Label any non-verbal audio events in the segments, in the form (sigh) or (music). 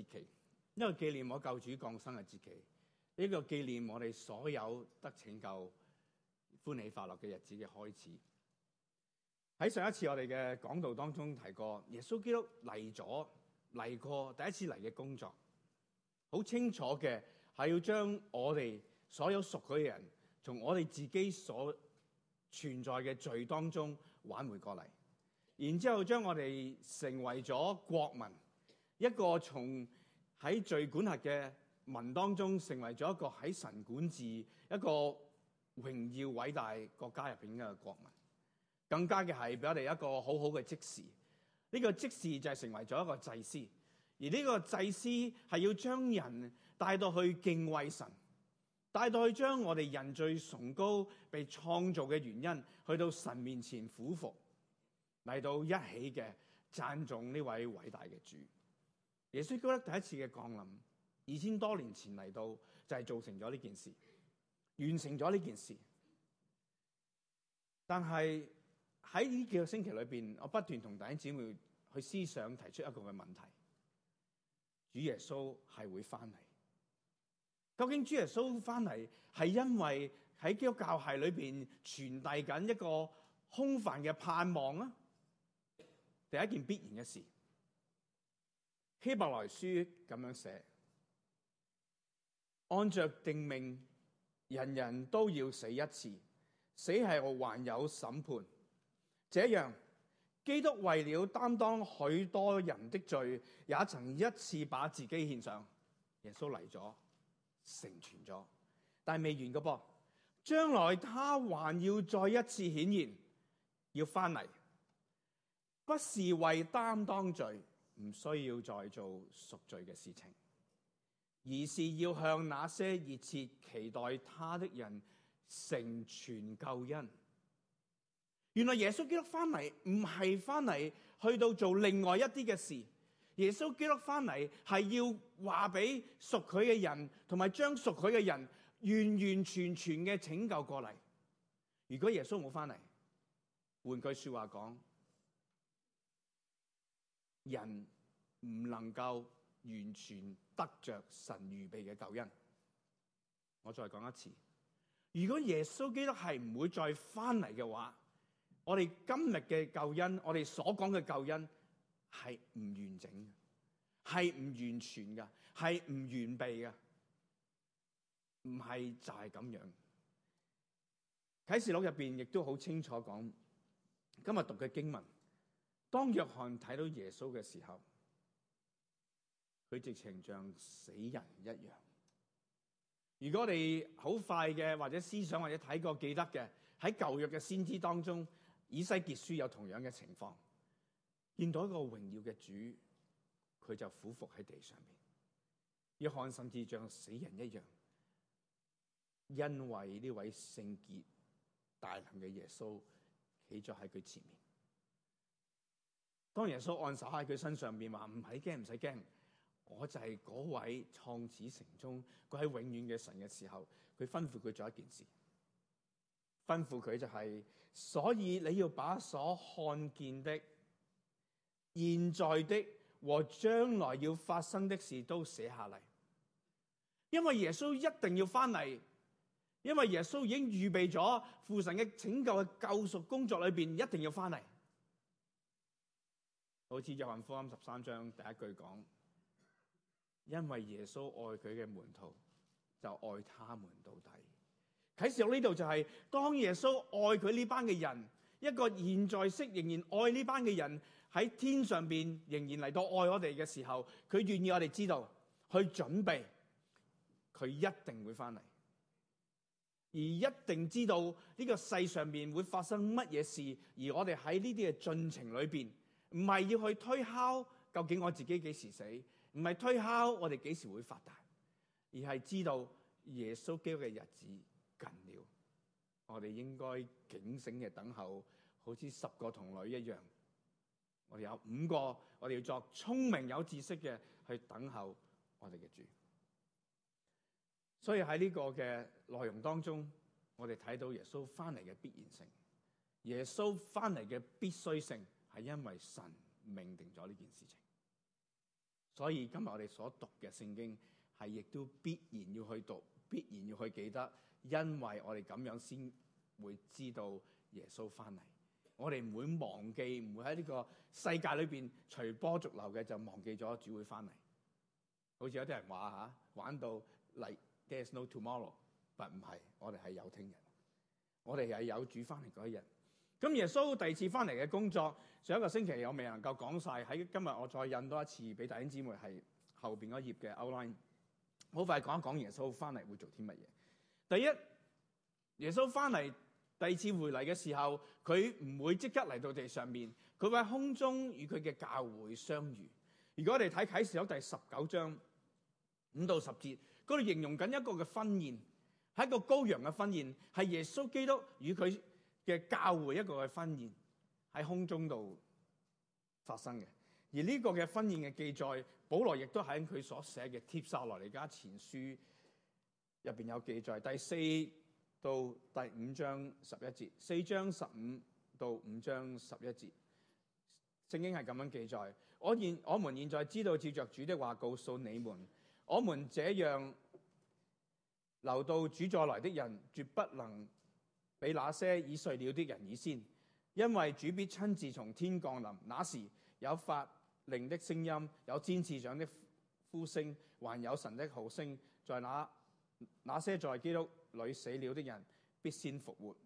節期，一個紀念我救主降生嘅節期，呢個紀念我哋所有得拯救、歡喜快樂嘅日子嘅開始。喺上一次我哋嘅講道當中提過，耶穌基督嚟咗，嚟過第一次嚟嘅工作，好清楚嘅係要將我哋所有熟嘅人，從我哋自己所存在嘅罪當中挽回過嚟，然之後將我哋成為咗國民。一個從喺罪管轄嘅民當中，成為咗一個喺神管治、一個榮耀偉大國家入邊嘅國民，更加嘅係俾我哋一個很好好嘅職事。呢個職事就係成為咗一個祭司，而呢個祭司係要將人帶到去敬畏神，帶到去將我哋人最崇高被創造嘅原因，去到神面前俯伏，嚟到一起嘅讚頌呢位偉大嘅主。耶穌基督第一次嘅降臨，二千多年前嚟到就係、是、造成咗呢件事，完成咗呢件事。但係喺呢幾個星期裏邊，我不斷同弟兄姊妹去思想，提出一個嘅問題：主耶穌係會翻嚟，究竟主耶穌翻嚟係因為喺基督教係裏邊傳遞緊一個空泛嘅盼望啊？第一件必然嘅事。希伯來書咁樣寫，按着定命，人人都要死一次，死系我還有審判。這樣，基督為了擔當許多人的罪，也曾一次把自己獻上。耶穌嚟咗，成全咗，但未完噶噃，將來他還要再一次顯現，要翻嚟，不是為擔當罪，唔需要再做贖罪嘅事情，而是要向那些熱切期待他的人成全救恩。原來耶穌基督翻嚟唔係翻嚟去到做另外一啲嘅事，耶穌基督翻嚟係要話俾屬佢嘅人，同埋將屬佢嘅人完完全全嘅拯救過嚟。如果耶穌冇翻嚟，換句話說話講。人唔能夠完全得着神預備嘅救恩。我再講一次，如果耶穌基督係唔會再翻嚟嘅話，我哋今日嘅救恩，我哋所講嘅救恩係唔完整嘅，係唔完全嘅，係唔完備嘅。唔係就係咁樣。啟示錄入邊亦都好清楚講，今日讀嘅經文。當約翰睇到耶穌嘅時候，佢直情像死人一樣。如果我哋好快嘅，或者思想或者睇過記得嘅，喺舊約嘅先知當中，以西結書有同樣嘅情況，見到一個榮耀嘅主，佢就俯伏喺地上面。約翰甚至像死人一樣，因為呢位聖潔大能嘅耶穌企咗喺佢前面。當耶穌按手喺佢身上邊，話唔使驚，唔使驚，我就係嗰位創始成終、佢喺永遠嘅神嘅時候，佢吩咐佢做一件事，吩咐佢就係、是，所以你要把所看見的、現在的和將來要發生的事都寫下嚟，因為耶穌一定要翻嚟，因為耶穌已經預備咗父神嘅拯救嘅救贖工作裏邊，一定要翻嚟。好似約翰福音十三章第一句講，因為耶穌愛佢嘅門徒，就愛他們到底。啟示錄呢度就係、是、當耶穌愛佢呢班嘅人，一個現在式仍然愛呢班嘅人喺天上邊仍然嚟到愛我哋嘅時候，佢願意我哋知道去準備，佢一定會翻嚟，而一定知道呢個世上面會發生乜嘢事，而我哋喺呢啲嘅進程裏邊。唔係要去推敲究竟我自己幾時死，唔係推敲我哋幾時會發達，而係知道耶穌基督嘅日子近了，我哋應該警醒嘅等候，好似十個童女一樣。我哋有五個，我哋要作聰明有知識嘅去等候我哋嘅主。所以喺呢個嘅內容當中，我哋睇到耶穌翻嚟嘅必然性，耶穌翻嚟嘅必須性。係因為神命定咗呢件事情，所以今日我哋所讀嘅聖經係亦都必然要去讀，必然要去記得，因為我哋咁樣先會知道耶穌翻嚟。我哋唔會忘記，唔會喺呢個世界裏面隨波逐流嘅就忘記咗主會翻嚟。好似有啲人話、啊、玩到 like there's no tomorrow，但唔係，我哋係有聽日，我哋係有主翻嚟嗰一日。咁耶穌第二次翻嚟嘅工作，上一個星期我未能夠講晒。喺今日我再印多一次俾弟兄姊妹係後邊嗰頁嘅 outline。好快講一講耶穌翻嚟會做啲乜嘢？第一，耶穌翻嚟第二次回嚟嘅時候，佢唔會即刻嚟到地上面，佢會喺空中與佢嘅教會相遇。如果我哋睇啟示錄第十九章五到十節，嗰度形容緊一個嘅婚宴，係一個羔羊嘅婚宴，係耶穌基督與佢。嘅教會，一個嘅婚宴喺空中度發生嘅，而呢個嘅婚宴嘅記載，保羅亦都喺佢所寫嘅帖撒羅尼加前書入邊有記載，第四到第五章十一節，四章十五到五章十一節，聖經係咁樣記載。我現我們現在知道，照着主的話告訴你們，我們這樣留到主再來的人，絕不能。比那些已睡了的人已先，因為主必親自從天降臨。那時有法令的聲音，有天使長的呼聲，還有神的號聲。在那那些在基督裏死了的人必先復活，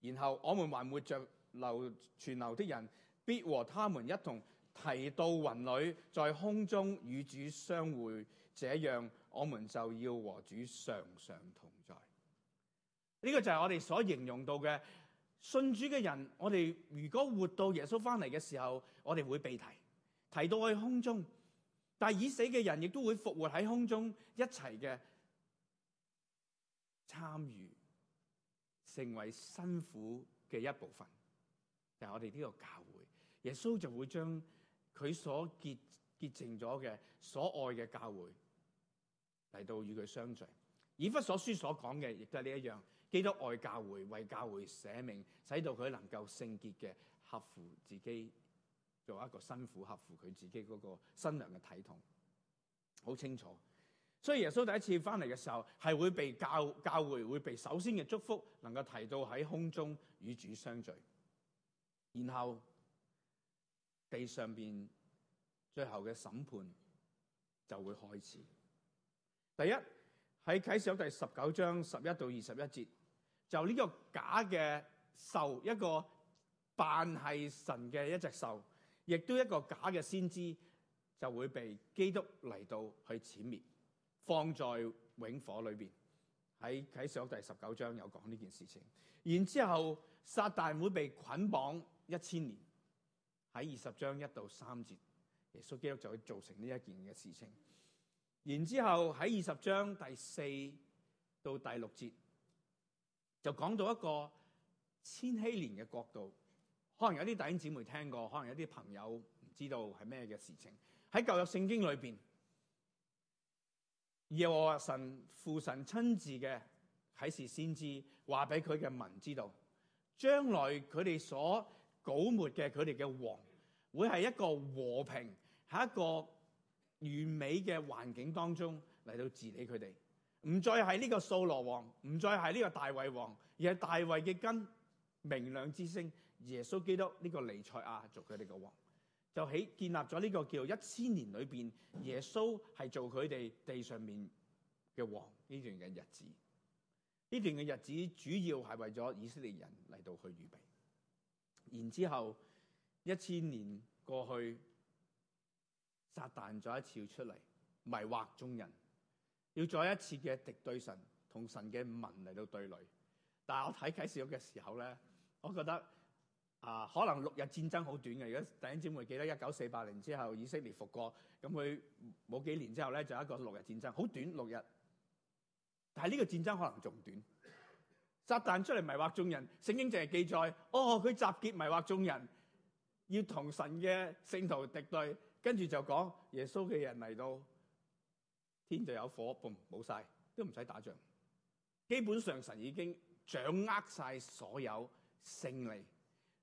然後我們還活着留存留的人必和他們一同提到雲裏，在空中與主相會。這樣我們就要和主常常同。呢、這個就係我哋所形容到嘅，信主嘅人，我哋如果活到耶穌翻嚟嘅時候，我哋會被提，提到去空中；但係已死嘅人亦都會復活喺空中，一齊嘅參與，成為辛苦嘅一部分。但、就、係、是、我哋呢個教會，耶穌就會將佢所結結淨咗嘅所愛嘅教會嚟到與佢相聚。以弗所書所講嘅，亦都係呢一樣。基督愛教會，為教會捨命，使到佢能夠聖潔嘅合乎自己，做一個辛苦合乎佢自己嗰個新娘嘅體統，好清楚。所以耶穌第一次翻嚟嘅時候，係會被教教會會被首先嘅祝福，能夠提到喺空中與主相聚，然後地上邊最後嘅審判就會開始。第一喺啟示錄第十九章十一到二十一節。就呢個假嘅獸，一個扮係神嘅一隻獸，亦都一個假嘅先知，就會被基督嚟到去殲滅，放在永火裏邊，喺喺上第十九章有講呢件事情。然之後撒旦會被捆綁一千年，喺二十章一到三節，耶穌基督就會造成呢一件嘅事情。然之後，喺二十章第四到第六節。就講到一個千禧年嘅國度，可能有啲弟兄姊妹聽過，可能有啲朋友唔知道係咩嘅事情。喺舊約聖經裏邊，耶和華神父神親自嘅啟示先知，話俾佢嘅民知道，將來佢哋所剿滅嘅佢哋嘅王，會係一個和平，喺一個完美嘅環境當中嚟到治理佢哋。唔再係呢個掃羅王，唔再係呢個大衛王，而係大衛嘅根、明亮之星耶穌基督呢、這個彌賽亞族嘅呢個王，就喺建立咗呢個叫一千年裏邊，耶穌係做佢哋地上面嘅王呢段嘅日子。呢段嘅日子主要係為咗以色列人嚟到去預備。然之後一千年過去，撒旦再一次出嚟迷惑眾人。要再一次嘅敵對神同神嘅民嚟到對壘，但係我睇啟示錄嘅時候咧，我覺得啊，可能六日戰爭好短嘅。如果大家會記得一九四八年之後以色列復國，咁佢冇幾年之後咧就有一個六日戰爭，好短六日。但係呢個戰爭可能仲短，撒旦出嚟迷惑眾人，聖經淨係記載哦，佢集結迷惑眾人，要同神嘅聖徒敵對，跟住就講耶穌嘅人嚟到。天就有火，嘣冇晒，都唔使打仗。基本上神已經掌握晒所有勝利，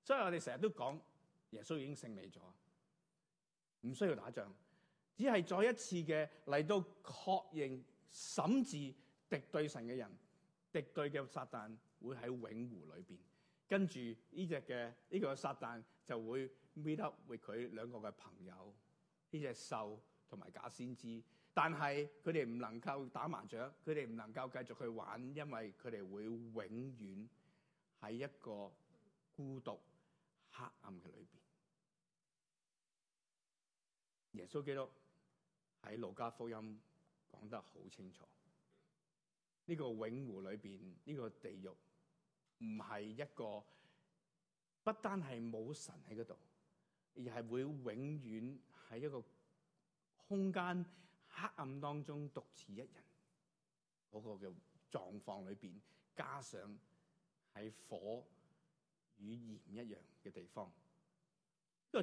所以我哋成日都講耶穌已經勝利咗，唔需要打仗，只係再一次嘅嚟到確認審治敵對神嘅人，敵對嘅撒旦會喺永湖裏邊，跟住呢隻嘅呢個撒旦就會 meet up with 佢兩個嘅朋友，呢隻獸同埋假先知。但係佢哋唔能夠打麻雀，佢哋唔能夠繼續去玩，因為佢哋會永遠喺一個孤獨黑暗嘅裏邊。耶穌基督喺《路加福音》講得好清楚，呢、這個永湖裏邊呢個地獄唔係一個不單係冇神喺嗰度，而係會永遠喺一個空間。黑暗當中獨自一人嗰個嘅狀況裏邊，加上喺火與鹽一樣嘅地方，呢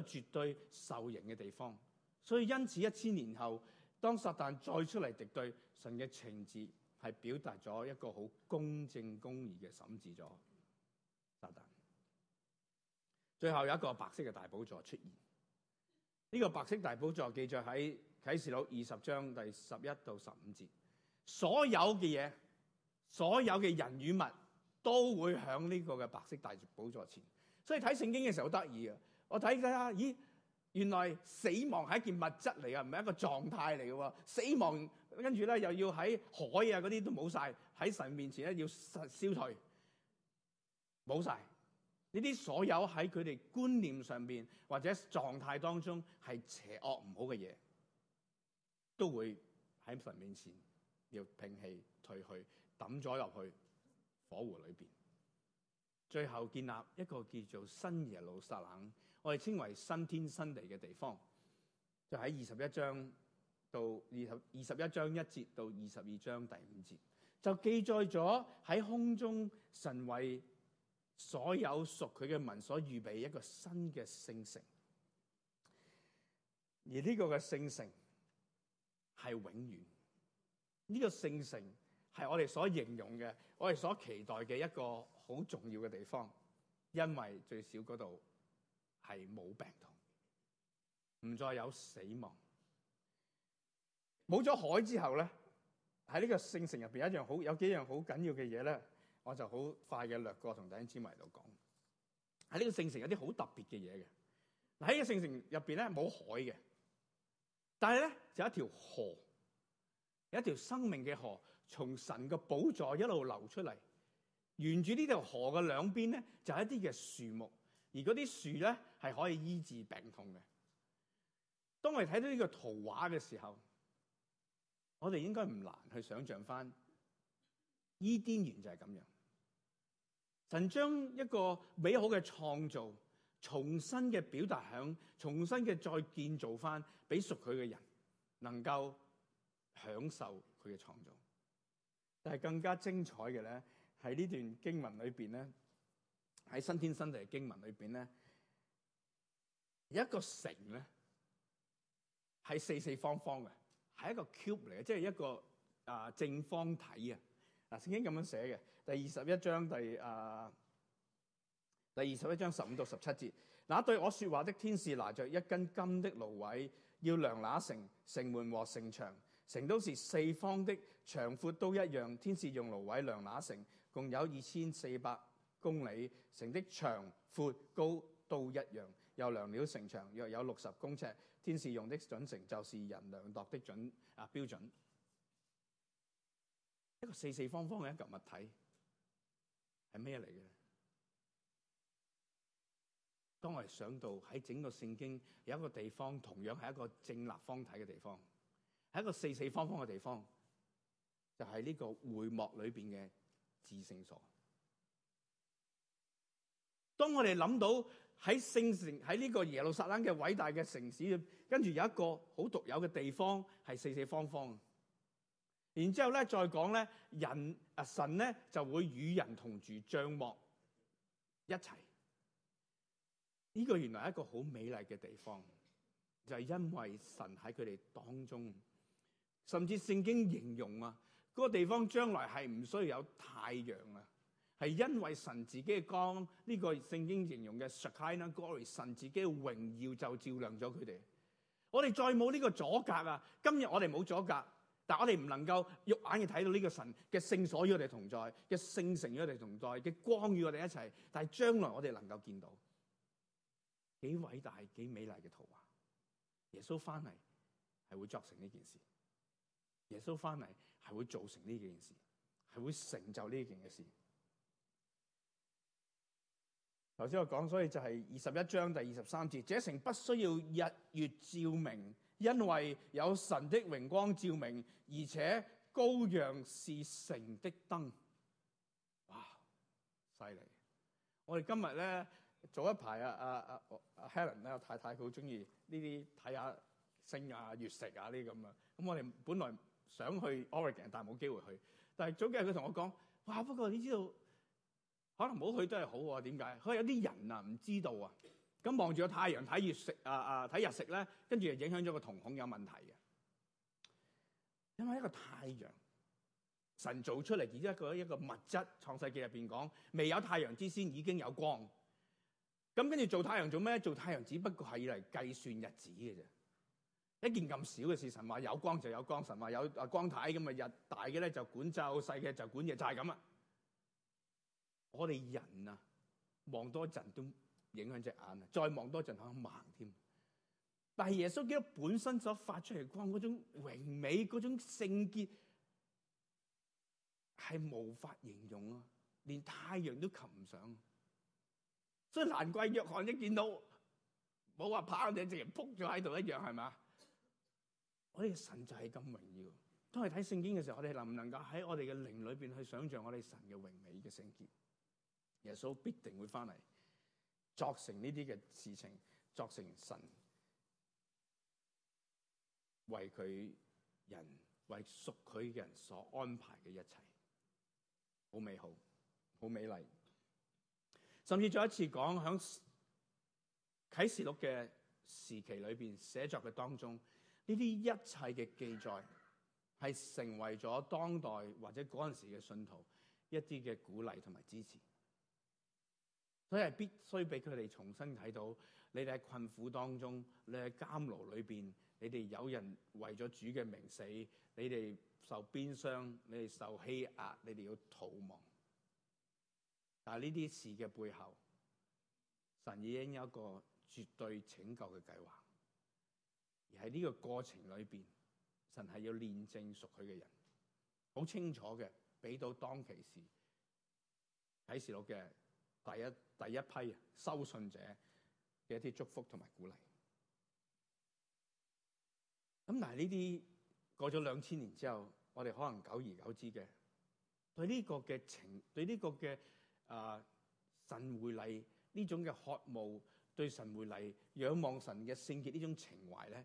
個絕對受刑嘅地方。所以因此，一千年後當撒旦再出嚟，敵對神嘅情節係表達咗一個好公正公義嘅審判咗撒旦。最後有一個白色嘅大寶座出現，呢個白色大寶座記載喺啟示錄二十章第十一到十五節，所有嘅嘢，所有嘅人與物，都會喺呢個嘅白色大寶座前。所以睇聖經嘅時候好得意啊！我睇睇下，咦，原來死亡係一件物質嚟嘅，唔係一個狀態嚟嘅喎。死亡跟住咧又要喺海啊嗰啲都冇晒，喺神面前咧要消退冇晒，呢啲所有喺佢哋觀念上邊或者狀態當中係邪惡唔好嘅嘢。都會喺神面前要摒棄退去，抌咗入去火湖裏邊。最後建立一個叫做新耶路撒冷，我哋稱為新天新地嘅地方，就喺二十一章到二十二十一章一節到二十二章第五節，就記載咗喺空中神為所有屬佢嘅民所預備一個新嘅聖城。而呢個嘅聖城。係永遠呢、這個聖城係我哋所形容嘅，我哋所期待嘅一個好重要嘅地方，因為最少嗰度係冇病痛，唔再有死亡，冇咗海之後咧，喺呢個聖城入邊有一樣好，有幾樣好緊要嘅嘢咧，我就好快嘅略過同弟兄姊妹度講，喺呢個聖城有啲好特別嘅嘢嘅，喺呢個聖城入邊咧冇海嘅。但係咧，就有一條河，一條生命嘅河，從神嘅寶座一路流出嚟。沿住呢條河嘅兩邊咧，就係一啲嘅樹木，而嗰啲樹咧係可以醫治病痛嘅。當我哋睇到呢個圖畫嘅時候，我哋應該唔難去想象返，伊甸園就係咁樣。神將一個美好嘅創造。重新嘅表達響，享重新嘅再建造翻，俾屬佢嘅人能夠享受佢嘅創造。但係更加精彩嘅咧，喺呢段經文裏邊，咧，喺新天新地嘅經文裏邊，咧，一個城咧係四四方方嘅，係一個 cube 嚟嘅，即係一個啊、呃、正方體啊。啊，聖經咁樣寫嘅，第二十一章第啊。呃第二十一章十五到十七節，那對我說話的天使拿著一根金的蘆葦，要量那城城門和城牆。城都是四方的，長闊都一樣。天使用蘆葦量那城，共有二千四百公里，城的長、闊、高都一樣。又量了城牆，約有六十公尺。天使用的準繩就是人量度的準啊標準。一個四四方方嘅一嚿物體係咩嚟嘅？是當我哋想到喺整個聖經有一個地方同樣係一個正立方體嘅地方，係一個四四方方嘅地方，就喺、是、呢個會幕裏邊嘅至聖所。當我哋諗到喺聖城喺呢個耶路撒冷嘅偉大嘅城市，跟住有一個好獨有嘅地方係四四方方。然之後咧再講咧，人啊，神咧就會與人同住帳幕一齊。呢、這個原來一個好美麗嘅地方，就係、是、因為神喺佢哋當中，甚至聖經形容啊，嗰、那個地方將來係唔需要有太陽啊，係因為神自己嘅光，呢、這個聖經形容嘅 Shekinah Glory，神自己嘅榮耀就照亮咗佢哋。我哋再冇呢個阻隔啊，今日我哋冇阻隔，但我哋唔能夠肉眼嘅睇到呢個神嘅聖所與我哋同在，嘅聖城與我哋同在，嘅光與我哋一齊，但係將來我哋能夠見到。幾偉大、幾美麗嘅圖畫，耶穌翻嚟係會作成呢件事，耶穌翻嚟係會造成呢件事，係會成就呢件嘅事。頭先我講，所以就係二十一章第二十三節，這城不需要日月照明，因為有神的榮光照明，而且羔羊是城的燈。哇，犀利！我哋今日咧。早一排啊啊啊阿 Helen 咧，我太太佢好中意呢啲睇下星啊、月食啊呢啲咁啊。咁我哋本來想去 Oregon，但係冇機會去。但係早幾日佢同我講，哇！不過你知道，可能冇去都係好喎。點解？因為有啲人啊唔知道啊。咁望住個太陽睇月食啊啊，睇、啊、日食咧，跟住影響咗個瞳孔有問題嘅。因為一個太陽，神造出嚟而一個一個物質，創世記入邊講，未有太陽之先已經有光。咁跟住做太陽做咩？做太陽只不過係嚟計算日子嘅啫，一件咁少嘅事。神話有光就有光，神話有光體。咁啊，日大嘅咧就管晝，細嘅就管夜，就係咁啊。我哋人啊，望多陣都影響隻眼啊，再望多陣可能盲添。但係耶穌基督本身所發出嚟光嗰種榮美、嗰種聖潔，係無法形容啊，連太陽都及唔上。所以難怪約翰一見到，冇話跑，就直接撲咗喺度一樣，係嘛？我哋嘅神就係咁榮耀。當係睇聖經嘅時候，我哋能唔能夠喺我哋嘅靈裏邊去想象我哋神嘅榮美嘅聖潔？耶穌必定會翻嚟，作成呢啲嘅事情，作成神為佢人為屬佢嘅人所安排嘅一切，好美好，好美麗。甚至再一次講喺啟示錄嘅時期裏面，寫作嘅當中，呢啲一切嘅記載係成為咗當代或者嗰陣時嘅信徒一啲嘅鼓勵同埋支持，所以係必須俾佢哋重新睇到你哋喺困苦當中，你喺監牢裏面，你哋有人為咗主嘅名死，你哋受鞭傷，你哋受欺壓，你哋要逃亡。但係呢啲事嘅背後，神已經有一個絕對拯救嘅計劃，而喺呢個過程裏邊，神係要煉淨屬佢嘅人，好清楚嘅，俾到當其時啟示錄嘅第一第一批收信者嘅一啲祝福同埋鼓勵。咁但係呢啲過咗兩千年之後，我哋可能久而久之嘅，對呢個嘅情，對呢個嘅。啊！神回禮呢種嘅渴慕，對神回禮、仰望神嘅聖潔呢種情懷咧，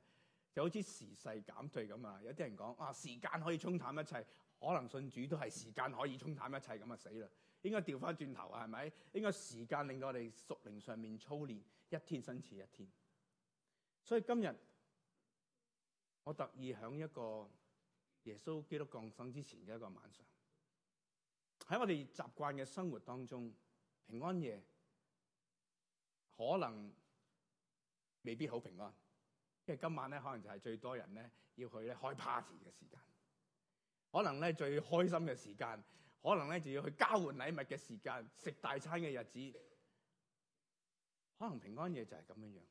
就好似時勢減退咁啊！有啲人講啊，時間可以沖淡一切，可能信主都係時間可以沖淡一切咁啊死啦！應該調翻轉頭啊，係咪？應該時間令到我哋屬靈上面操練，一天新似一天。所以今日我特意響一個耶穌基督降生之前嘅一個晚上。喺我哋習慣嘅生活當中，平安夜可能未必好平安，因為今晚咧可能就係最多人咧要去咧開 party 嘅時間，可能咧最開心嘅時間，可能咧就要去交換禮物嘅時間，食大餐嘅日子，可能平安夜就係咁樣樣。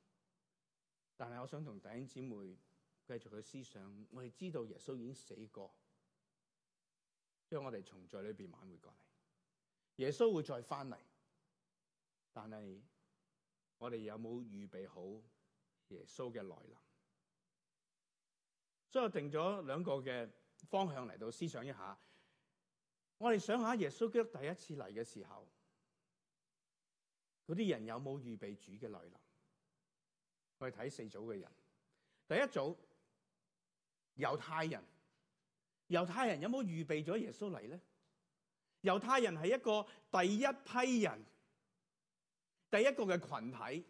但係我想同弟兄姊妹繼續去思想，我哋知道耶穌已經死過。將我哋從罪裏邊挽回過嚟，耶穌會再翻嚟，但係我哋有冇預備好耶穌嘅來臨？所以我定咗兩個嘅方向嚟到思想一下。我哋想下耶穌基督第一次嚟嘅時候，嗰啲人有冇預備主嘅來臨？我哋睇四組嘅人，第一組猶太人。猶太人有冇預備咗耶穌嚟咧？猶太人係一個第一批人，第一個嘅群體，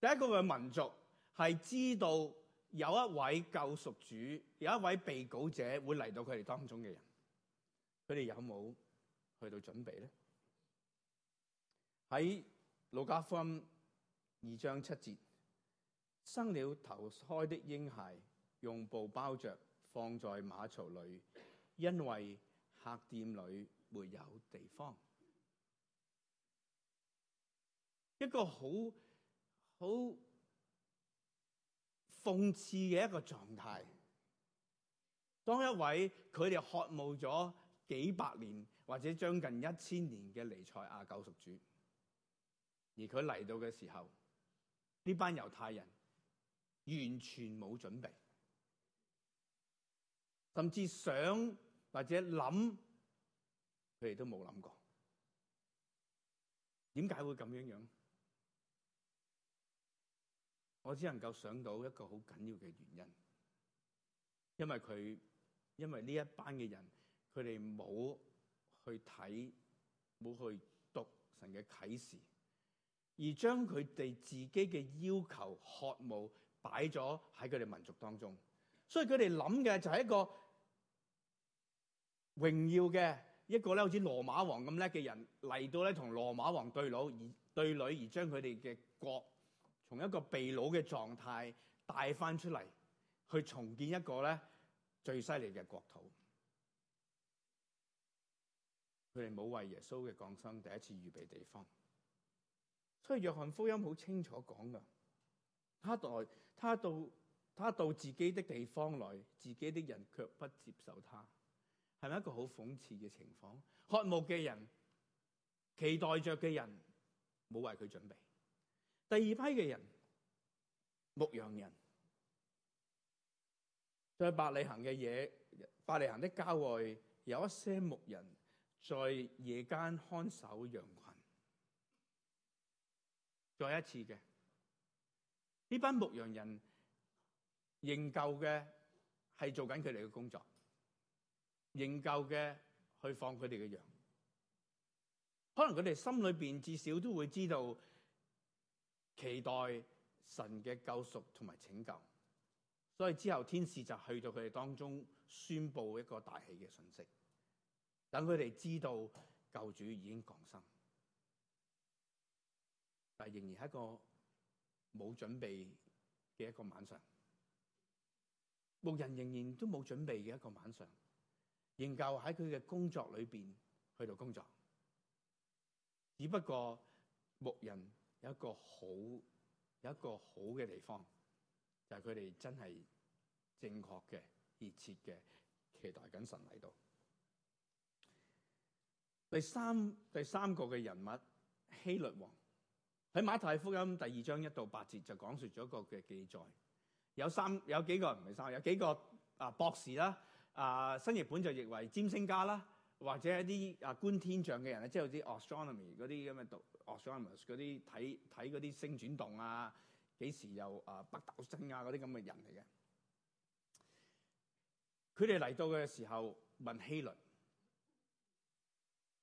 第一個嘅民族，係知道有一位救贖主、有一位被膏者會嚟到佢哋當中嘅人。佢哋有冇去到準備咧？喺路加福音二章七節，生了頭胎的嬰孩，用布包着。放在馬槽裏，因為客店裏沒有地方。一個好好諷刺嘅一個狀態。當一位佢哋渴慕咗幾百年或者將近一千年的彌賽亞救贖主，而佢嚟到嘅時候，呢班猶太人完全冇準備。甚至想或者諗，佢哋都冇諗過。點解會咁樣樣？我只能夠想到一個好緊要嘅原因，因為佢因為呢一班嘅人，佢哋冇去睇、冇去讀神嘅啟示，而將佢哋自己嘅要求渴慕，擺咗喺佢哋民族當中，所以佢哋諗嘅就係一個。榮耀嘅一個咧，好似羅馬王咁叻嘅人嚟到咧，同羅馬王對老而對女而將佢哋嘅國從一個被老嘅狀態帶翻出嚟，去重建一個咧最犀利嘅國土。佢哋冇為耶穌嘅降生第一次預備地方，所以約翰福音好清楚講噶他到他到，他到自己的地方來，自己的人卻不接受他。係咪一個好諷刺嘅情況？渴慕嘅人，期待着嘅人，冇為佢準備。第二批嘅人，牧羊人，在伯利恆嘅野，伯利恆的郊外，有一些牧人在夜間看守羊群。再一次嘅，呢班牧羊人仍舊嘅係做緊佢哋嘅工作。仍舊嘅去放佢哋嘅羊，可能佢哋心裏面至少都會知道期待神嘅救贖同埋拯救，所以之後天使就去到佢哋當中宣布一個大喜嘅訊息，等佢哋知道救主已經降生，但仍然係一個冇準備嘅一個晚上，牧人仍然都冇準備嘅一個晚上。研究喺佢嘅工作裏邊去到工作，只不過牧人有一個好有一個好嘅地方，就係佢哋真係正確嘅熱切嘅期待緊神嚟到。第三第三個嘅人物希律王喺馬太福音第二章一到八節就講述咗一個嘅記載，有三有幾個唔係三，有幾個，個，有幾個啊博士啦。啊，新譯本就譯為占星家啦，或者一啲啊觀天象嘅人咧，即係好似 astronomy 嗰啲咁嘅讀 astronomers 啲睇睇啲星轉動啊，幾時又啊北斗星啊嗰啲咁嘅人嚟嘅。佢哋嚟到嘅時候問希律，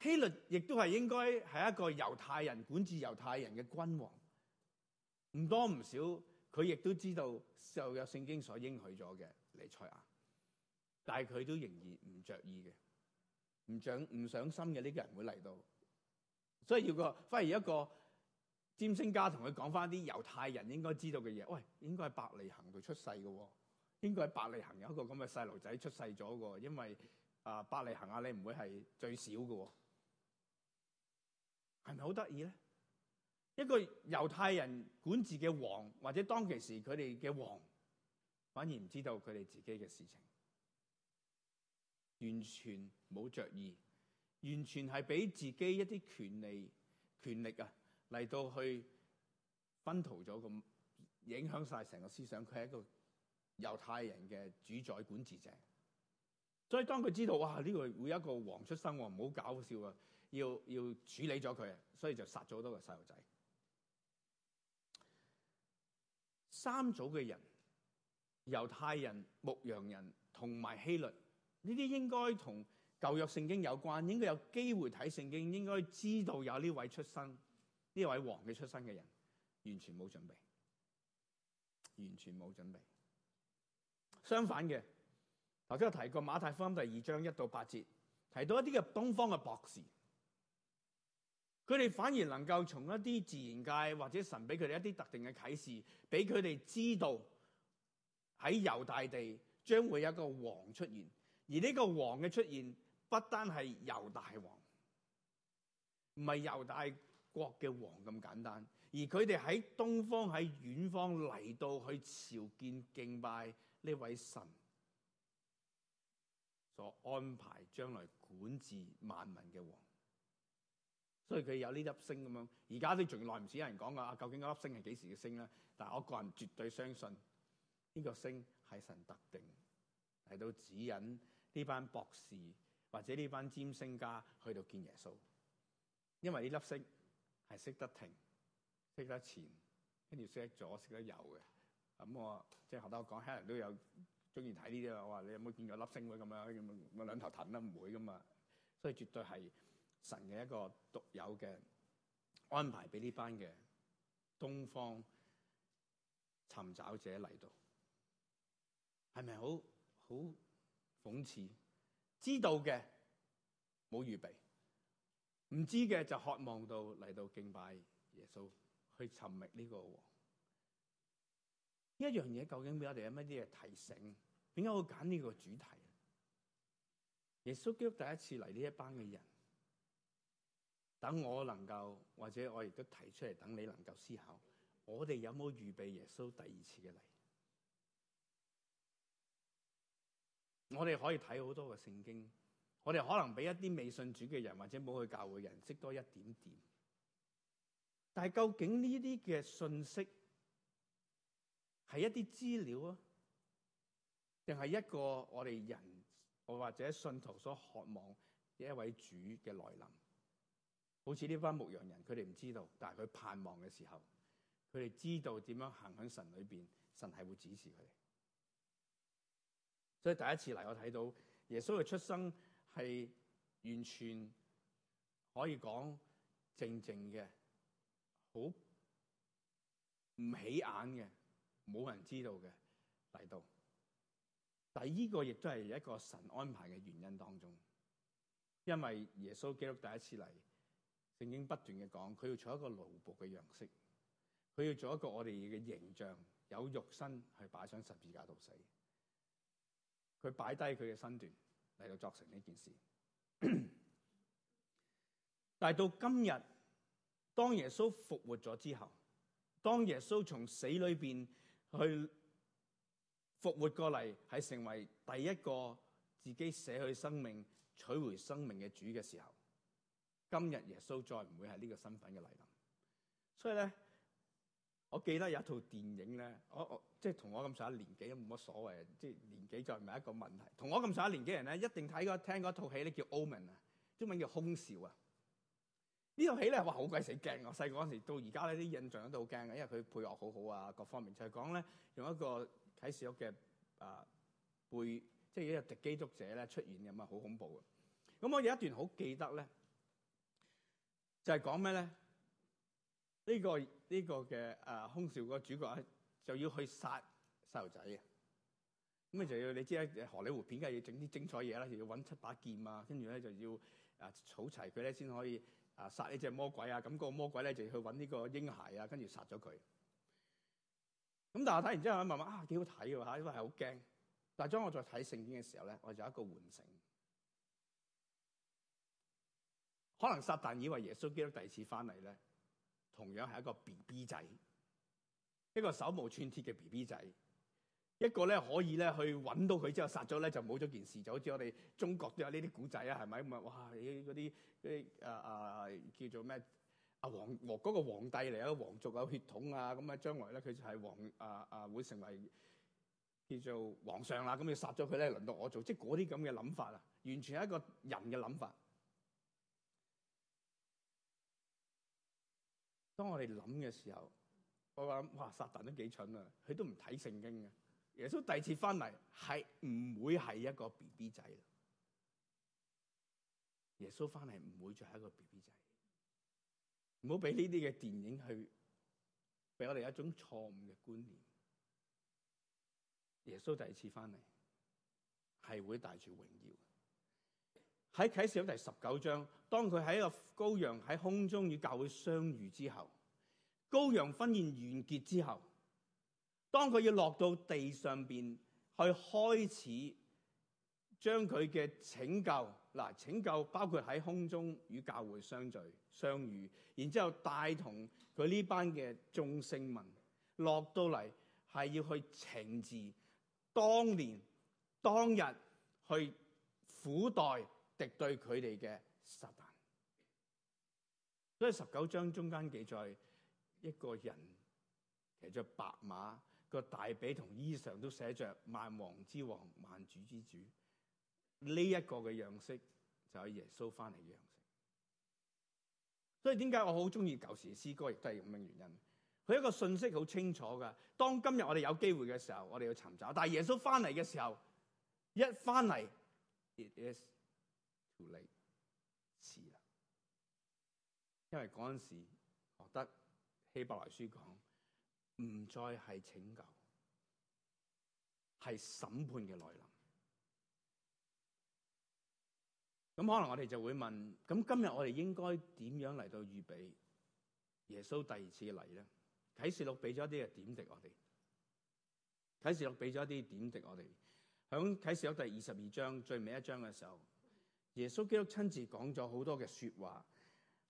希律亦都係應該係一個猶太人管治猶太人嘅君王，唔多唔少，佢亦都知道受有聖經所應許咗嘅彌賽亞。但係佢都仍然唔着意嘅，唔想唔上心嘅呢個人會嚟到，所以要個反而一個占星家同佢講翻啲猶太人應該知道嘅嘢。喂，應該係伯利恒度出世嘅，應該喺伯利恒有一個咁嘅細路仔出世咗嘅，因為啊伯利恒啊你唔會係最少嘅，係咪好得意咧？一個猶太人管治嘅王或者當其時佢哋嘅王，反而唔知道佢哋自己嘅事情。完全冇着意，完全係俾自己一啲權利、權力啊，嚟到去分途咗咁，影響晒成個思想。佢係一個猶太人嘅主宰管治者，所以當佢知道哇，呢個會一個王出生，唔好搞笑啊！要要處理咗佢啊，所以就殺咗多個細路仔。三組嘅人：猶太人、牧羊人同埋希律。呢啲應該同舊約聖經有關，應該有機會睇聖經，應該知道有呢位出生呢位王嘅出生嘅人，完全冇準備，完全冇準備。相反嘅，嗱，頭先提過馬太福音第二章一到八節，提到一啲嘅東方嘅博士，佢哋反而能夠從一啲自然界或者神俾佢哋一啲特定嘅啟示，俾佢哋知道喺猶大地將會有一個王出現。而呢個王嘅出現，不單係猶大王，唔係猶大國嘅王咁簡單。而佢哋喺東方喺遠方嚟到去朝見敬拜呢位神所安排將來管治萬民嘅王。所以佢有呢粒星咁樣。而家都仲耐唔少人講噶、啊，究竟嗰粒星係幾時嘅星咧？但係我個人絕對相信呢、呢個星係神特定嚟到指引。呢班博士或者呢班佔星家去到見耶穌，因為呢粒星係識得停、識得前，跟住識得左、識得右嘅，咁、嗯、我即係後頭我講，香港人都有中意睇呢啲啊，我話你有冇見過粒星會咁樣咁兩頭騰得唔會噶嘛？所以絕對係神嘅一個獨有嘅安排俾呢班嘅東方尋找者嚟到，係咪好好？諷刺，知道嘅冇預備，唔知嘅就渴望到嚟到敬拜耶穌，去尋覓呢個王。呢一樣嘢究竟俾我哋有乜嘢提醒？點解我揀呢個主題？耶穌基督第一次嚟呢一班嘅人，等我能夠，或者我亦都提出嚟，等你能夠思考，我哋有冇預備耶穌第二次嘅嚟？我哋可以睇好多嘅聖經，我哋可能比一啲未信主嘅人或者冇去教會人識多一點點，但係究竟呢啲嘅信息係一啲資料啊，定係一個我哋人或者信徒所渴望嘅一位主嘅來臨，好似呢班牧羊人，佢哋唔知道，但係佢盼望嘅時候，佢哋知道點樣行響神裏邊，神係會指示佢哋。所以第一次嚟，我睇到耶穌嘅出生係完全可以講靜靜嘅，好唔起眼嘅，冇人知道嘅嚟到。但係呢個亦都係一個神安排嘅原因當中，因為耶穌基督第一次嚟，聖經不斷嘅講，佢要做一個奴僕嘅樣式，佢要做一個我哋嘅形象，有肉身去擺上十字架度死。佢擺低佢嘅身段嚟到作成呢件事， (coughs) 但係到今日，當耶穌復活咗之後，當耶穌從死裏邊去復活過嚟，係成為第一個自己捨去生命取回生命嘅主嘅時候，今日耶穌再唔會係呢個身份嘅嚟臨，所以咧。我記得有一套電影咧，我我即係同我咁上下年紀都冇乜所謂，即係年紀再唔係一個問題。同我咁上下年紀人咧，一定睇過聽過一套戲咧叫《Omen》啊，中文叫《兇兆》。啊。呢套戲咧話好鬼死驚，我細個嗰時到而家呢，啲印象都好驚嘅，因為佢配樂好好啊，各方面就係講咧用一個啟示錄嘅啊背，即係一個敵基督者咧出現咁啊，好恐怖嘅。咁我有一段好記得咧，就係講咩咧？呢、這個呢、這個嘅誒，凶兆個主角就要去殺細路仔嘅，咁啊就要你知啦，荷里活片梗係要整啲精彩嘢啦，要揾七把劍啊，跟住咧就要啊儲齊佢咧先可以啊殺呢隻魔鬼啊，咁、那、嗰個魔鬼咧就要去揾呢個嬰孩啊，跟住殺咗佢。咁但係睇完之後咧，慢慢啊幾好睇嘅吓，因為係好驚。但係當我再睇聖經嘅時候咧，我就有一個喚醒，可能撒旦以為耶穌基督第二次翻嚟咧。同樣係一個 B B 仔，一個手無寸鐵嘅 B B 仔，一個咧可以咧去揾到佢之後殺咗咧就冇咗件事，就好似我哋中國都有呢啲古仔啊，係咪咁啊？哇！你嗰啲嗰啲啊啊叫做咩？阿皇和嗰個皇帝嚟啊，皇族有血統啊，咁啊將來咧佢就係皇啊啊會成為叫做皇上啦，咁你殺咗佢咧，輪到我做，即係嗰啲咁嘅諗法啊，完全係一個人嘅諗法。當我哋諗嘅時候，我諗哇，撒旦都幾蠢啊！佢都唔睇聖經嘅。耶穌第二次翻嚟係唔會係一個 BB 仔。耶穌翻嚟唔會再係一個 BB 仔。唔好俾呢啲嘅電影去俾我哋一種錯誤嘅觀念。耶穌第二次翻嚟係會帶住榮耀。喺啟示錄第十九章，當佢喺個羔羊喺空中與教會相遇之後，羔羊婚宴完結之後，當佢要落到地上邊去開始將佢嘅拯救，嗱，拯救，呃、拯救包括喺空中與教會相聚、相遇，然之後帶同佢呢班嘅眾聖民落到嚟，係要去懲治當年當日去苦待。敵對佢哋嘅撒旦，所以十九章中間記載一個人騎着白馬，個大髀同衣裳都寫着「萬王之王、萬主之主」。呢一個嘅樣式就係耶穌翻嚟嘅樣式。所以點解我好中意舊時嘅詩歌，亦都係咁樣原因。佢一個信息好清楚噶。當今日我哋有機會嘅時候，我哋要尋找。但係耶穌翻嚟嘅時候，一翻嚟。條理，是啊，因為嗰陣時，學得希伯來書講，唔再係拯救，係審判嘅來臨。咁可能我哋就會問：咁今日我哋應該點樣嚟到預備耶穌第二次嘅嚟呢？啟示錄俾咗一啲嘅點滴我，我哋啟示錄俾咗一啲點滴我，我哋響啟示錄第二十二章最尾一章嘅時候。耶穌基督親自講咗好多嘅說話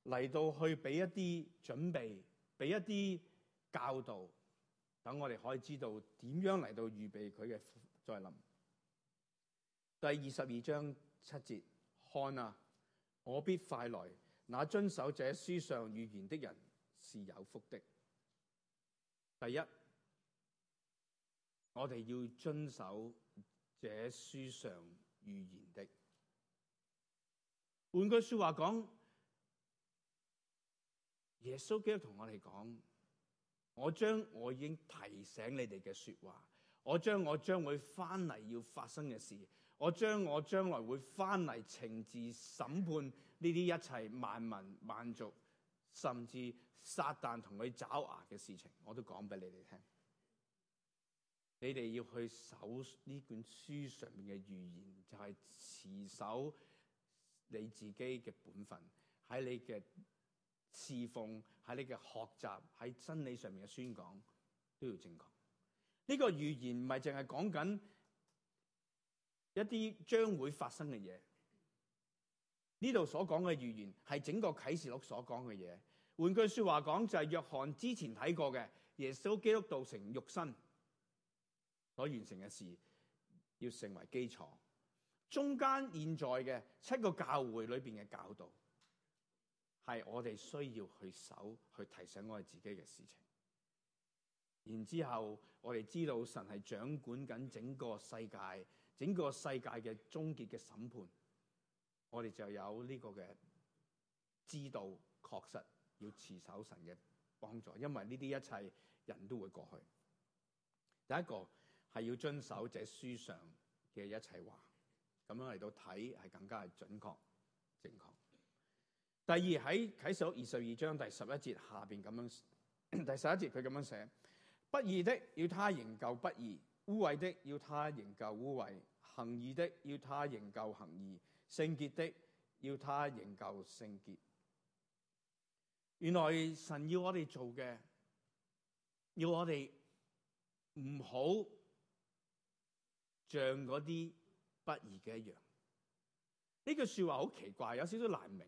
嚟到去俾一啲準備，俾一啲教導，等我哋可以知道點樣嚟到預備佢嘅再臨。第二十二章七節，看啊，我必快來，那遵守這書上預言的人是有福的。第一，我哋要遵守這書上預言的。換句話說話講，耶穌基督同我哋講：我將我已經提醒你哋嘅說話，我將我將會翻嚟要發生嘅事，我將我將來會翻嚟懲治審判呢啲一切萬民萬族，甚至撒旦同佢爪牙嘅事情，我都講俾你哋聽。你哋要去守呢卷書上面嘅預言，就係持守。你自己嘅本分，喺你嘅侍奉，喺你嘅學習，喺真理上面嘅宣講都要正確。呢個預言唔係淨係講緊一啲將會發生嘅嘢。呢度所講嘅預言係整個啟示錄所講嘅嘢。換句說話講，就係約翰之前睇過嘅耶穌基督道成肉身所完成嘅事，要成為基礎。中間現在嘅七個教會裏邊嘅教導，係我哋需要去守，去提醒我哋自己嘅事情。然之後我哋知道神係掌管緊整個世界，整個世界嘅終結嘅審判，我哋就有呢個嘅知道，確實要持守神嘅幫助，因為呢啲一切人都會過去。第一個係要遵守這書上嘅一切話。咁樣嚟到睇係更加係準確正確。第二，喺啟示錄二十二章第十一節下邊咁樣，第十一節佢咁樣寫、嗯：不義的要他仍舊不義，污穢的要他仍舊污穢，行義的要他仍舊行義，聖潔的要他仍舊聖潔。原來神要我哋做嘅，要我哋唔好像嗰啲。不義嘅一樣，呢句説話好奇怪，有少少難明。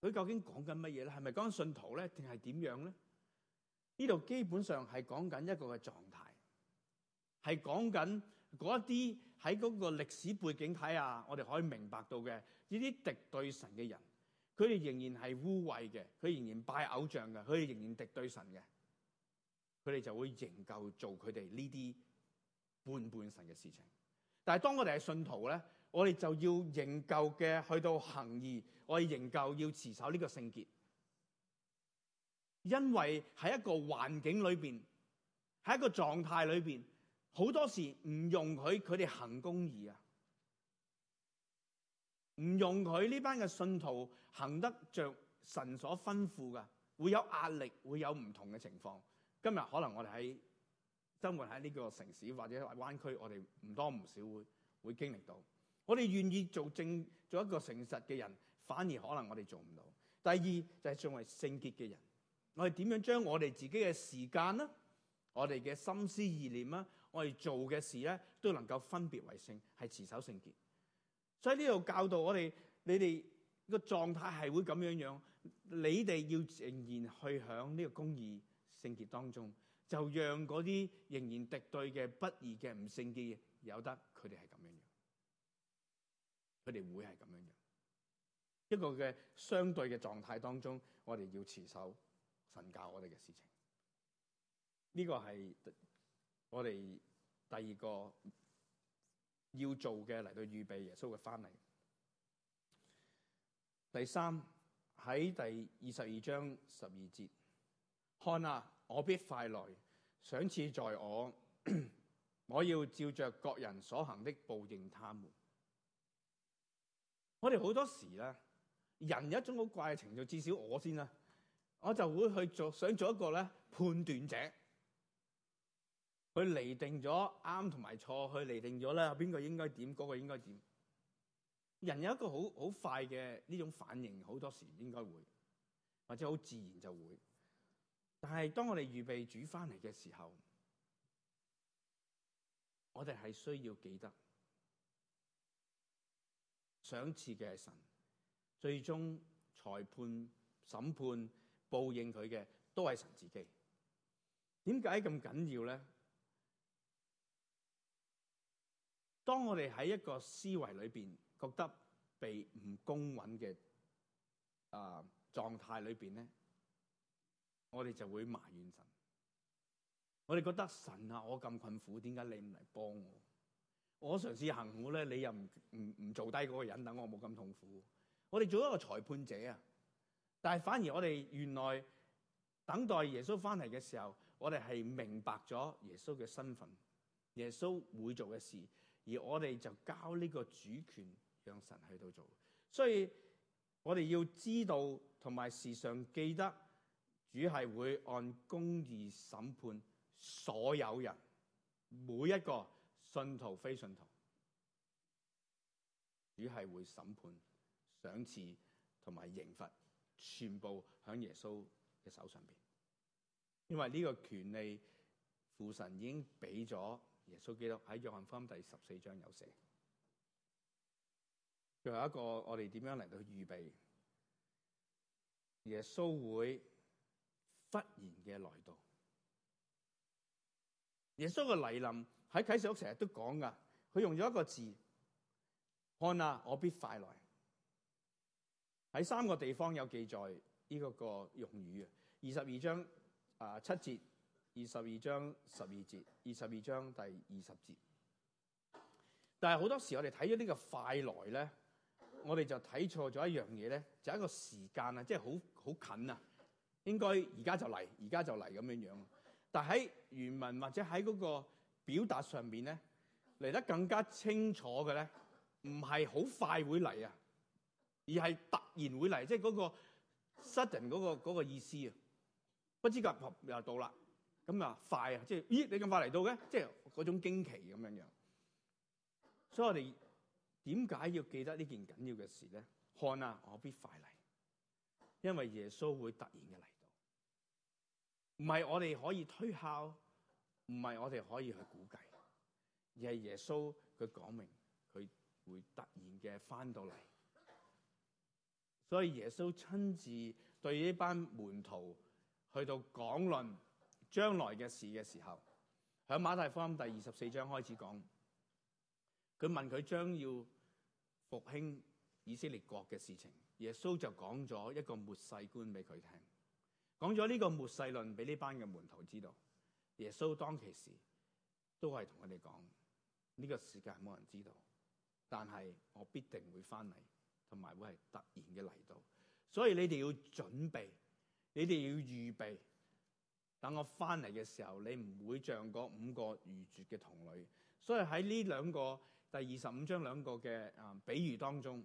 佢究竟講緊乜嘢咧？係咪講信徒咧？定係點樣咧？呢度基本上係講緊一個嘅狀態，係講緊嗰一啲喺嗰個歷史背景底下，我哋可以明白到嘅呢啲敵對神嘅人，佢哋仍然係污穢嘅，佢仍然拜偶像嘅，佢哋仍然敵對神嘅，佢哋就會仍舊做佢哋呢啲。半半神嘅事情，但係當我哋係信徒咧，我哋就要仍舊嘅去到行義，我哋仍舊要持守呢個聖潔，因為喺一個環境裏邊，喺一個狀態裏邊，好多時唔容許佢哋行公義啊，唔容許呢班嘅信徒行得着神所吩咐噶，會有壓力，會有唔同嘅情況。今日可能我哋喺生活喺呢個城市或者灣區，我哋唔多唔少會會經歷到。我哋願意做正做一個誠實嘅人，反而可能我哋做唔到。第二就係作為聖潔嘅人，我哋點樣將我哋自己嘅時間啦、我哋嘅心思意念啦、我哋做嘅事咧，都能夠分別為聖，係持守聖潔。所以呢度教導我哋，你哋個狀態係會咁樣樣，你哋要仍然去喺呢個公義聖潔當中。就讓嗰啲仍然敵對嘅、不義嘅、唔聖潔嘅有得他們是這，佢哋係咁樣樣，佢哋會係咁樣樣。一個嘅相對嘅狀態當中，我哋要持守神教我哋嘅事情。呢、這個係我哋第二個要做嘅，嚟到預備耶穌嘅返嚟。第三，喺第二十二章十二節，看啊。我必快來，賞賜在我，我要照着各人所行的報應他們。我哋好多時咧，人有一種好怪嘅情緒，就至少我先啦，我就會去做，想做一個咧判斷者，去厘定咗啱同埋錯，去厘定咗咧邊個應該點，嗰個應該點。人有一個好好快嘅呢種反應，好多時應該會，或者好自然就會。但係，當我哋預備主返嚟嘅時候，我哋係需要記得，賞賜嘅係神，最終裁判、審判、報應佢嘅都係神自己。點解咁緊要咧？當我哋喺一個思維裏邊覺得被唔公允嘅啊狀態裏邊咧？我哋就會埋怨神，我哋覺得神啊，我咁困苦，點解你唔嚟幫我？我嘗試行苦咧，你又唔唔唔做低嗰個人等我冇咁痛苦，我哋做一個裁判者啊，但係反而我哋原來等待耶穌翻嚟嘅時候，我哋係明白咗耶穌嘅身份，耶穌會做嘅事，而我哋就交呢個主權讓神喺度做。所以我哋要知道同埋時常記得。主係會按公義審判所有人，每一個信徒非信徒，主係會審判賞賜同埋刑罰，全部喺耶穌嘅手上邊，因為呢個權利父神已經俾咗耶穌基督，喺約翰福音第十四章有寫。最後一個，我哋點樣嚟到預備耶穌會？忽然嘅來到，耶穌嘅嚟臨喺啟示錄成日都講噶，佢用咗一個字，看啊，我必快來。喺三個地方有記載呢個個用語啊，二十二章啊七節，二十二章十二節，二十二章第二十節。但係好多時我哋睇咗呢個快來咧，我哋就睇錯咗一樣嘢咧，就係一個時間啊，即係好好近啊。應該而家就嚟，而家就嚟咁樣樣。但喺原文或者喺嗰個表達上面咧，嚟得更加清楚嘅咧，唔係好快會嚟啊，而係突然會嚟，即係嗰個 sudden 嗰個嗰個意思啊。不知覺，噉又到啦，咁啊快啊，即係咦，你咁快嚟到嘅，即係嗰種驚奇咁樣樣。所以我哋點解要記得呢件緊要嘅事咧？看啊，我必快嚟，因為耶穌會突然嘅嚟。唔係我哋可以推敲，唔係我哋可以去估計，而係耶穌佢講明佢會突然嘅翻到嚟。所以耶穌親自對呢班門徒去到講論將來嘅事嘅時候，響馬太福音第二十四章開始講，佢問佢將要復興以色列國嘅事情，耶穌就講咗一個末世觀俾佢聽。講咗呢個末世論俾呢班嘅門徒知道，耶穌當其時都係同佢哋講：呢個世界冇人知道，但係我必定會翻嚟，同埋會係突然嘅嚟到。所以你哋要準備，你哋要預備，等我翻嚟嘅時候，你唔會像嗰五個愚拙嘅童女。所以喺呢兩個第二十五章兩個嘅啊比喻當中，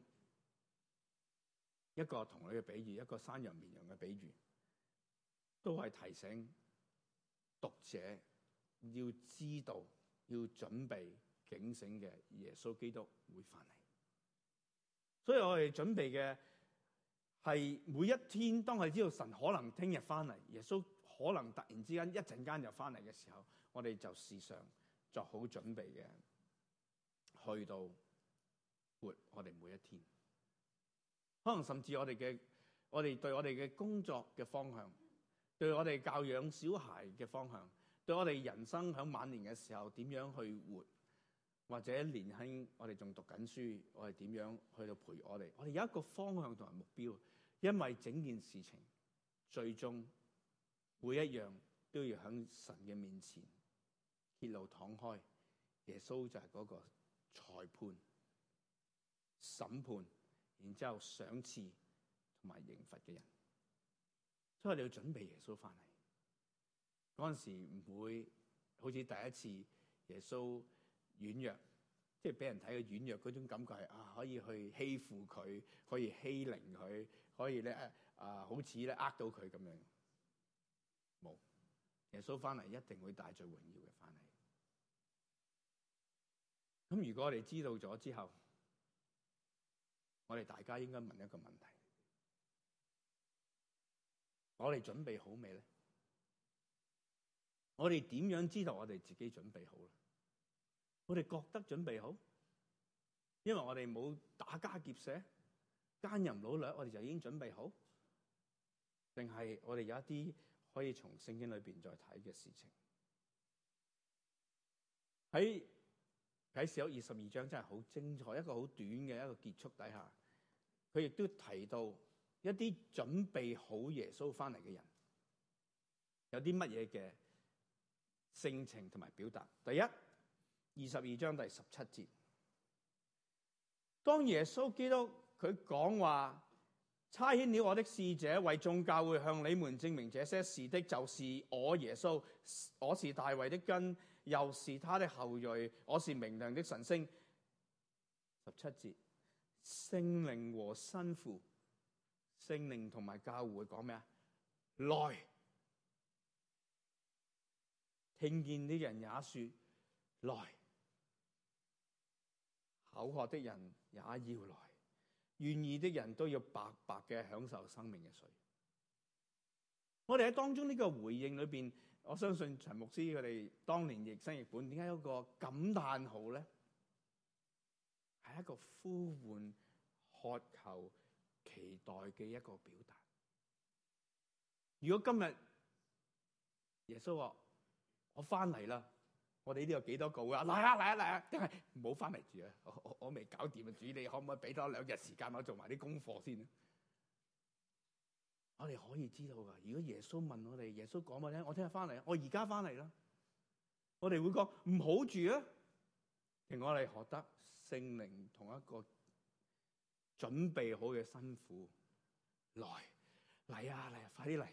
一個童女嘅比喻，一個山羊綿羊嘅比喻。都係提醒讀者要知道，要準備警醒嘅，耶穌基督會翻嚟，所以我哋準備嘅係每一天，當我知道神可能聽日翻嚟，耶穌可能突然之間一陣間就翻嚟嘅時候，我哋就時常作好準備嘅，去到活我哋每一天，可能甚至我哋嘅，我哋對我哋嘅工作嘅方向。對我哋教養小孩嘅方向，對我哋人生響晚年嘅時候點樣去活，或者年輕我哋仲讀緊書，我哋點樣去到陪我哋？我哋有一個方向同埋目標，因為整件事情最終每一樣都要響神嘅面前揭露躺開。耶穌就係嗰個裁判、審判，然之後賞賜同埋刑罰嘅人。所以你要準備耶穌翻嚟嗰陣時唔會好似第一次耶穌軟弱，即係俾人睇佢軟弱嗰種感覺係啊，可以去欺負佢，可以欺凌佢，可以咧啊，啊好似咧呃到佢咁樣冇，耶穌翻嚟一定會帶住榮耀嘅翻嚟。咁如果我哋知道咗之後，我哋大家應該問一個問題。我哋準備好未咧？我哋點樣知道我哋自己準備好咧？我哋覺得準備好，因為我哋冇打家劫舍、奸淫擄掠，我哋就已經準備好了。定係我哋有一啲可以從聖經裏邊再睇嘅事情。喺喺啟示錄二十二章真係好精彩，一個好短嘅一個結束底下，佢亦都提到。一啲準備好耶穌翻嚟嘅人，有啲乜嘢嘅性情同埋表達？第一，二十二章第十七節，當耶穌基督佢講話，差遣了我的使者為眾教會向你們證明這些事的，就是我耶穌，我是大衛的根，又是他的後裔，我是明亮的晨星。十七節，聖靈和新婦。聖靈同埋教會講咩啊？來，聽見啲人也說來，口渴的人也要來，願意的人都要白白嘅享受生命嘅水。我哋喺當中呢個回應裏邊，我相信陳牧師佢哋當年亦生亦本，點解有個感嘆號咧？係一個呼喚渴求。期待嘅一個表達。如果今日耶穌話我翻嚟啦，我哋呢度有幾多個啊？嚟啊嚟啊嚟啊！真係唔好翻嚟住啊！我未搞掂啊！主，你可唔可以俾多兩日時間我做埋啲功課先啊？我哋可以知道㗎。如果耶穌問我哋，耶穌講俾我聽，我聽日翻嚟，我而家翻嚟啦，我哋會講唔好住啊！令我哋學得聖靈同一個。準備好嘅辛苦，來嚟啊嚟啊，快啲嚟！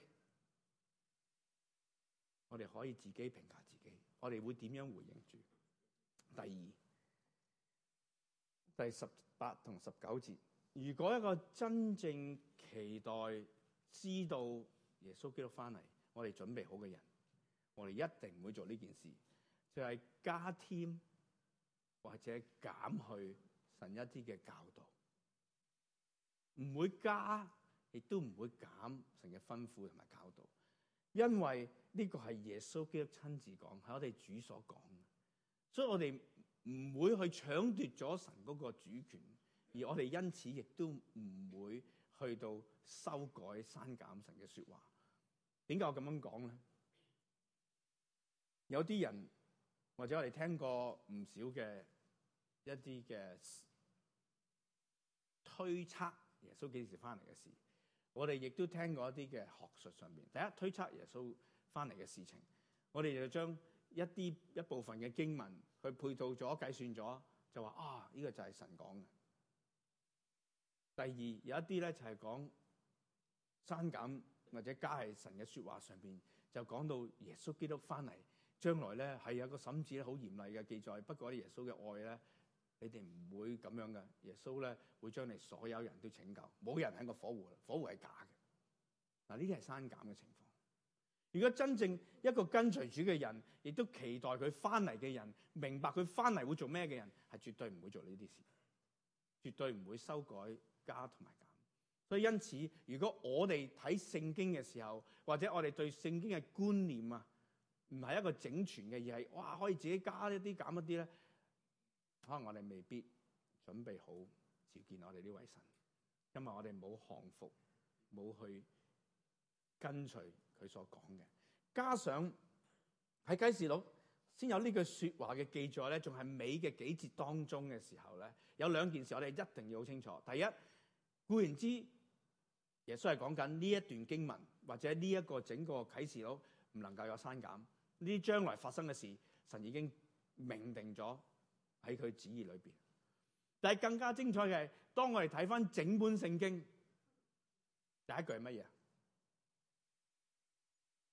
我哋可以自己評價自己，我哋會點樣回應主。第二，第十八同十九節，如果一個真正期待知道耶穌基督翻嚟，我哋準備好嘅人，我哋一定唔會做呢件事，就係、是、加添或者減去神一啲嘅教導。唔會加，亦都唔會減神嘅吩咐同埋教導，因為呢個係耶穌基督親自講，係我哋主所講嘅，所以我哋唔會去搶奪咗神嗰個主權，而我哋因此亦都唔會去到修改刪減神嘅說話。點解我咁樣講咧？有啲人或者我哋聽過唔少嘅一啲嘅推測。耶穌幾時翻嚟嘅事，我哋亦都聽過一啲嘅學術上面。第一，推測耶穌翻嚟嘅事情，我哋就將一啲一部分嘅經文去配套咗、計算咗，就話啊，呢個就係神講嘅。第二，有一啲咧就係講刪減或者加係神嘅說話上邊，就講到耶穌基督翻嚟將來咧係有個審判咧好嚴厲嘅記載，不過耶穌嘅愛咧。你哋唔會咁樣㗎。耶穌咧會將你所有人都拯救，冇人喺個火湖。火湖係假嘅。嗱，呢啲係刪減嘅情況。如果真正一個跟隨主嘅人，亦都期待佢翻嚟嘅人，明白佢翻嚟會做咩嘅人，係絕對唔會做呢啲事，絕對唔會修改加同埋減。所以因此，如果我哋睇聖經嘅時候，或者我哋對聖經嘅觀念啊，唔係一個整全嘅，而係哇可以自己加一啲減一啲咧。可能我哋未必準備好召見我哋呢位神，因為我哋冇降服，冇去跟隨佢所講嘅。加上喺啟示錄先有呢句說話嘅記載咧，仲係尾嘅幾節當中嘅時候咧，有兩件事我哋一定要好清楚。第一，固然之，耶穌係講緊呢一段經文或者呢一個整個啟示錄唔能夠有刪減，呢啲將來發生嘅事，神已經命定咗，喺佢旨意裏邊，但係更加精彩嘅係，當我哋睇翻整本聖經，第一句係乜嘢？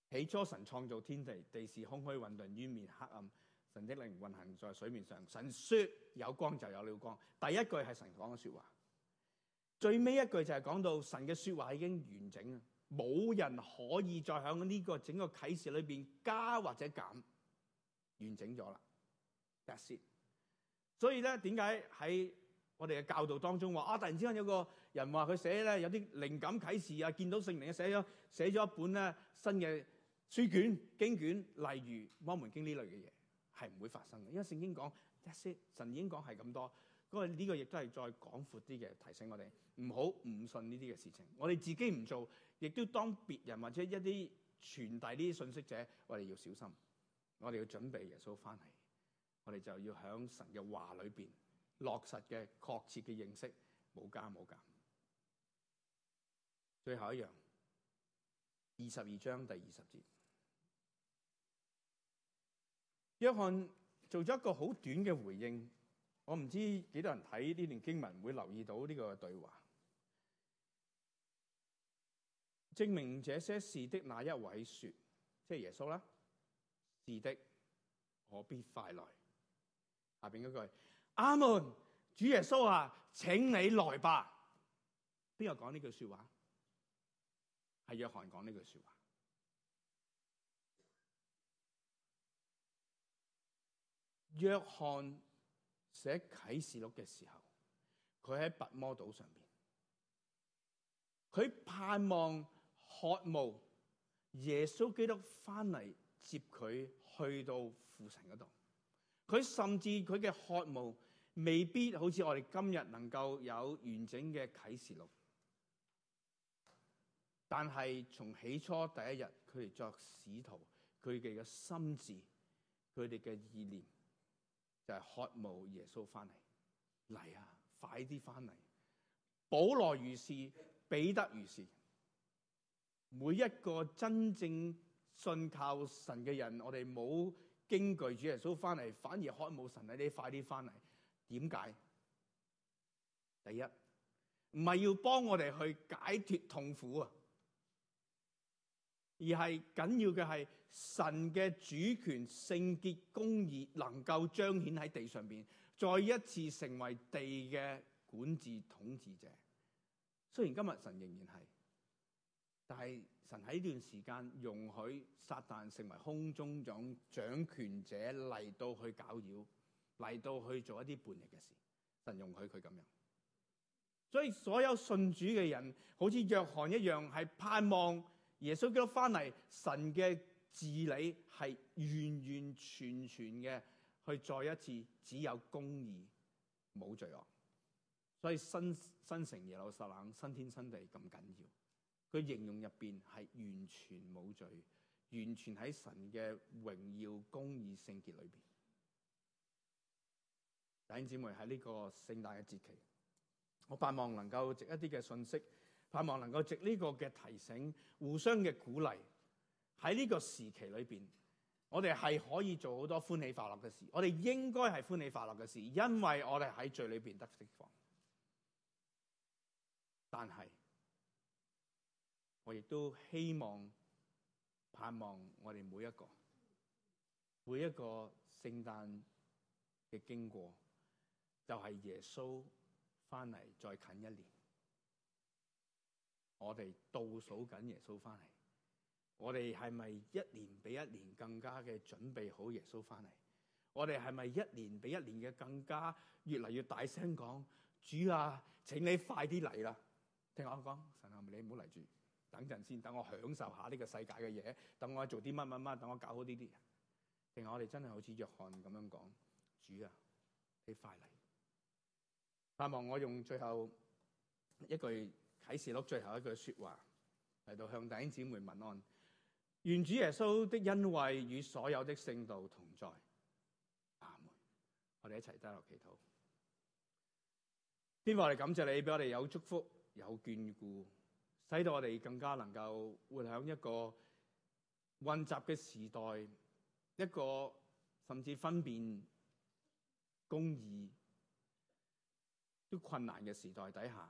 起初神創造天地，地是空虛混沌，淵面黑暗。神的靈運行在水面上。神說有光就有了光。第一句係神講嘅說話。最尾一句就係講到神嘅說話已經完整啦，冇人可以再響呢個整個啟示裏邊加或者減，完整咗啦。That's it. 所以咧，點解喺我哋嘅教導當中話啊？突然之間有個人話佢寫咧有啲靈感啟示啊，見到聖靈啊，寫咗寫咗一本咧新嘅書卷經卷，例如《摩門經》呢類嘅嘢，係唔會發生嘅。因為聖經講一些神已經講係咁多，咁啊呢個亦都係再廣闊啲嘅提醒我哋，唔好誤信呢啲嘅事情。我哋自己唔做，亦都當別人或者一啲傳遞呢啲信息者，我哋要小心，我哋要準備耶穌翻嚟。我哋就要響神嘅話裏邊落實嘅確切嘅認識，冇加冇減。最後一樣，二十二章第二十節，約翰做咗一個好短嘅回應。我唔知幾多人睇呢段經文會留意到呢個對話，證明這些事的那一位說，即係耶穌啦，是的，我必快來。下邊嗰句，阿門，主耶穌啊，請你來吧。邊個講呢句說話？係約翰講呢句說話。約翰寫啟示錄嘅時候，佢喺拔摩島上面，佢盼望、渴慕耶穌基督翻嚟接佢去到父神嗰度。佢甚至佢嘅渴慕未必好似我哋今日能夠有完整嘅啟示錄。但係從起初第一日佢哋作使徒，佢哋嘅心智、佢哋嘅意念就係渴慕耶穌翻嚟，嚟啊，快啲翻嚟！保羅如是，彼得如是，每一個真正信靠神嘅人，我哋冇。驚懼主耶穌翻嚟，反而渴慕神啊！你快啲翻嚟，點解？第一唔係要幫我哋去解脱痛苦啊，而係緊要嘅係神嘅主權、聖潔、公義能夠彰顯喺地上邊，再一次成為地嘅管治統治者。雖然今日神仍然係，但係。神喺呢段時間容許撒旦成為空中掌掌權者嚟到去搞擾，嚟到去做一啲叛逆嘅事。神容許佢咁樣，所以所有信主嘅人好似約翰一樣，係盼望耶穌基督返嚟。神嘅治理係完完全全嘅，去再一次只有公義，冇罪惡。所以新新城耶路撒冷、新天新地咁緊要。佢形容入邊係完全冇罪，完全喺神嘅榮耀公義聖潔裏邊。弟兄姊妹，喺呢個聖誕嘅節期，我盼望能夠藉一啲嘅信息，盼望能夠藉呢個嘅提醒，互相嘅鼓勵。喺呢個時期裏邊，我哋係可以做好多歡喜快樂嘅事，我哋應該係歡喜快樂嘅事，因為我哋喺罪裏邊得釋放。但係。我亦都希望盼望我哋每一個每一個聖誕嘅經過，就係耶穌翻嚟再近一年。我哋倒數緊耶穌翻嚟，我哋係咪一年比一年更加嘅準備好耶穌翻嚟？我哋係咪一年比一年嘅更加越嚟越大聲講，主啊，請你快啲嚟啦！聽我講，神啊，你唔好嚟住。等陣先，等我享受下呢個世界嘅嘢，等我做啲乜乜乜，等我搞好呢啲。定係，我哋真係好似約翰咁樣講：主啊，你快嚟！盼望我用最後一句啟示錄最後一句説話嚟到向弟兄姊妹問安。願主耶穌的恩惠與所有的聖道同在。阿門！我哋一齊低落祈禱。天父，我哋感謝你，俾我哋有祝福、有眷顧。使到我哋更加能夠活喺一個混雜嘅時代，一個甚至分辨公義都困難嘅時代底下，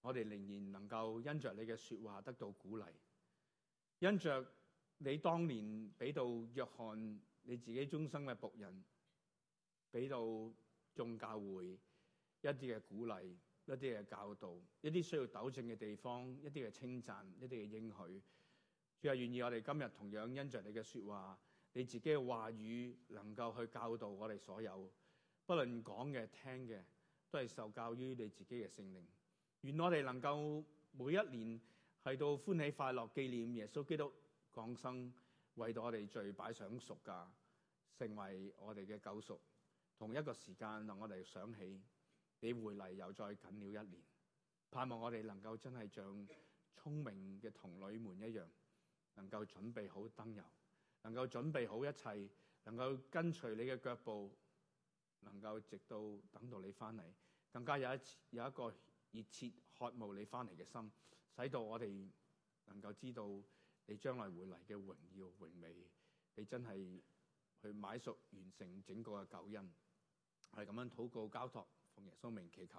我哋仍然能夠因着你嘅説話得到鼓勵，因着你當年俾到約翰你自己終生嘅僕人，俾到眾教會一啲嘅鼓勵。一啲嘅教導，一啲需要糾正嘅地方，一啲嘅稱讚，一啲嘅應許，主啊，願意我哋今日同樣因着你嘅説話，你自己嘅話語能夠去教導我哋所有，不論講嘅聽嘅，都係受教於你自己嘅聖靈。願我哋能夠每一年係到歡喜快樂紀念耶穌基督降生，為到我哋罪擺上贖價，成為我哋嘅救贖。同一個時間，令我哋想起。你回嚟又再近了一年，盼望我哋能夠真係像聰明嘅童女們一樣，能夠準備好燈油，能夠準備好一切，能夠跟隨你嘅腳步，能夠直到等到你翻嚟，更加有一有一個熱切渴望你翻嚟嘅心，使到我哋能夠知道你將來回嚟嘅榮耀榮美，你真係去買贖完成整個嘅救恩，係咁樣禱告交託。奉耶穌名祈求。